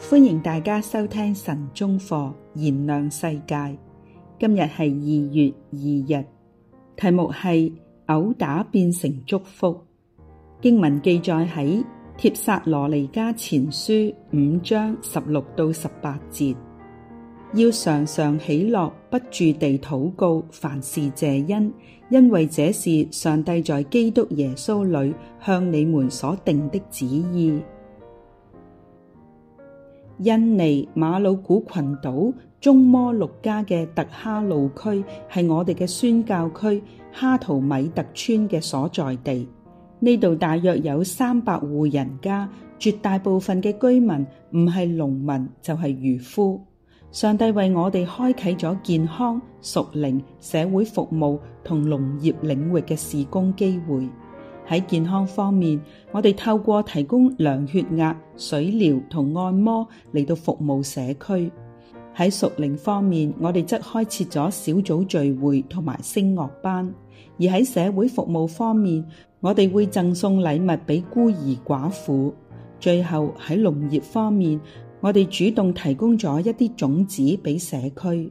歡迎大家收聽晨鐘課，燃亮世界。今日係二月二日，題目係毆打變成祝福。經文記載喺帖撒羅尼迦前書五章十六到十八節，要常常喜樂，不住地禱告，凡事謝恩，因為這是上帝在基督耶穌裏向你們所定的旨意。印尼馬魯古群島中摩鹿加嘅特哈路區係我哋嘅宣教區，哈圖米特村嘅所在地。呢度大約有三百戶人家，絕大部分嘅居民唔係農民就係漁夫。上帝為我哋開啟咗健康、屬靈、社會服務同農業領域嘅事工機會。喺健康方面，我哋透過提供量血壓、水療同按摩嚟到服務社區。喺熟齡方面，我哋則開設咗小組聚會同埋聲樂班。而喺社會服務方面，我哋會贈送禮物俾孤兒寡婦。最後，喺農業方面，我哋主動提供咗一啲種子俾社區。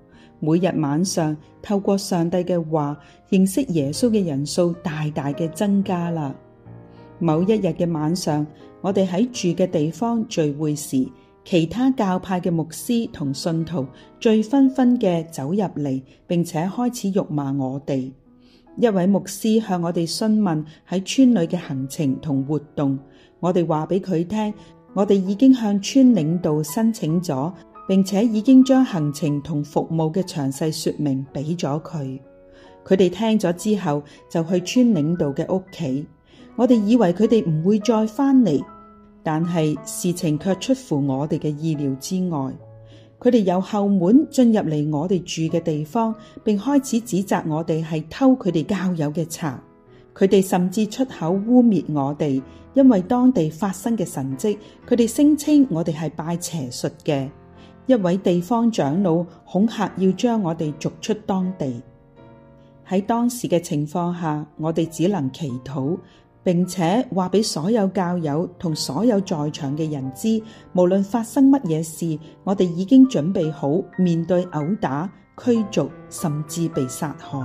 每日晚上透過上帝嘅話認識耶穌嘅人數大大嘅增加啦。某一日嘅晚上，我哋喺住嘅地方聚會時，其他教派嘅牧師同信徒醉醺醺嘅走入嚟，並且開始辱罵我哋。一位牧師向我哋詢問喺村裏嘅行程同活動，我哋話俾佢聽，我哋已經向村領導申請咗。並且已經將行程同服務嘅詳細說明俾咗佢。佢哋聽咗之後就去村領導嘅屋企。我哋以為佢哋唔會再翻嚟，但係事情卻出乎我哋嘅意料之外。佢哋由後門進入嚟我哋住嘅地方，並開始指責我哋係偷佢哋教友嘅賊。佢哋甚至出口污蔑我哋，因為當地發生嘅神蹟，佢哋聲稱我哋係拜邪術嘅。一位地方長老恐嚇要將我哋逐出當地。喺當時嘅情況下，我哋只能祈禱，並且話俾所有教友同所有在場嘅人知，無論發生乜嘢事，我哋已經準備好面對毆打、驅逐，甚至被殺害。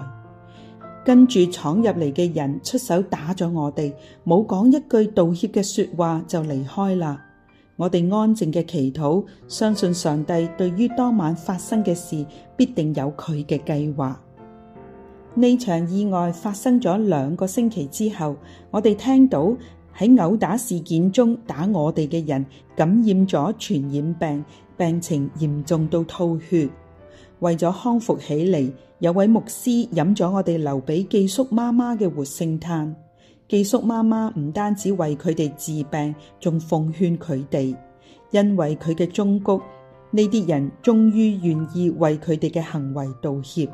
跟住闖入嚟嘅人出手打咗我哋，冇講一句道歉嘅說話就離開啦。我哋安靜嘅祈禱，相信上帝對於當晚發生嘅事必定有佢嘅計劃。呢場意外發生咗兩個星期之後，我哋聽到喺毆打事件中打我哋嘅人感染咗傳染病，病情嚴重到吐血。為咗康復起嚟，有位牧師飲咗我哋留俾寄宿媽媽嘅活性炭。寄宿媽媽唔單止為佢哋治病，仲奉勸佢哋，因為佢嘅忠告，呢啲人終於願意為佢哋嘅行為道歉，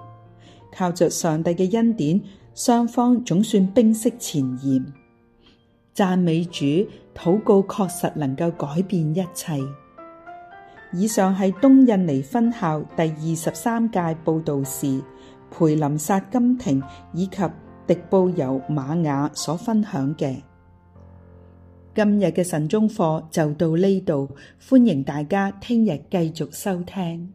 靠着上帝嘅恩典，雙方總算冰釋前嫌。讚美主，禱告確實能夠改變一切。以上係東印尼分校第二十三屆佈道士，培林薩金庭以及。直播由瑪雅所分享嘅今日嘅晨鐘課就到呢度，歡迎大家聽日繼續收聽。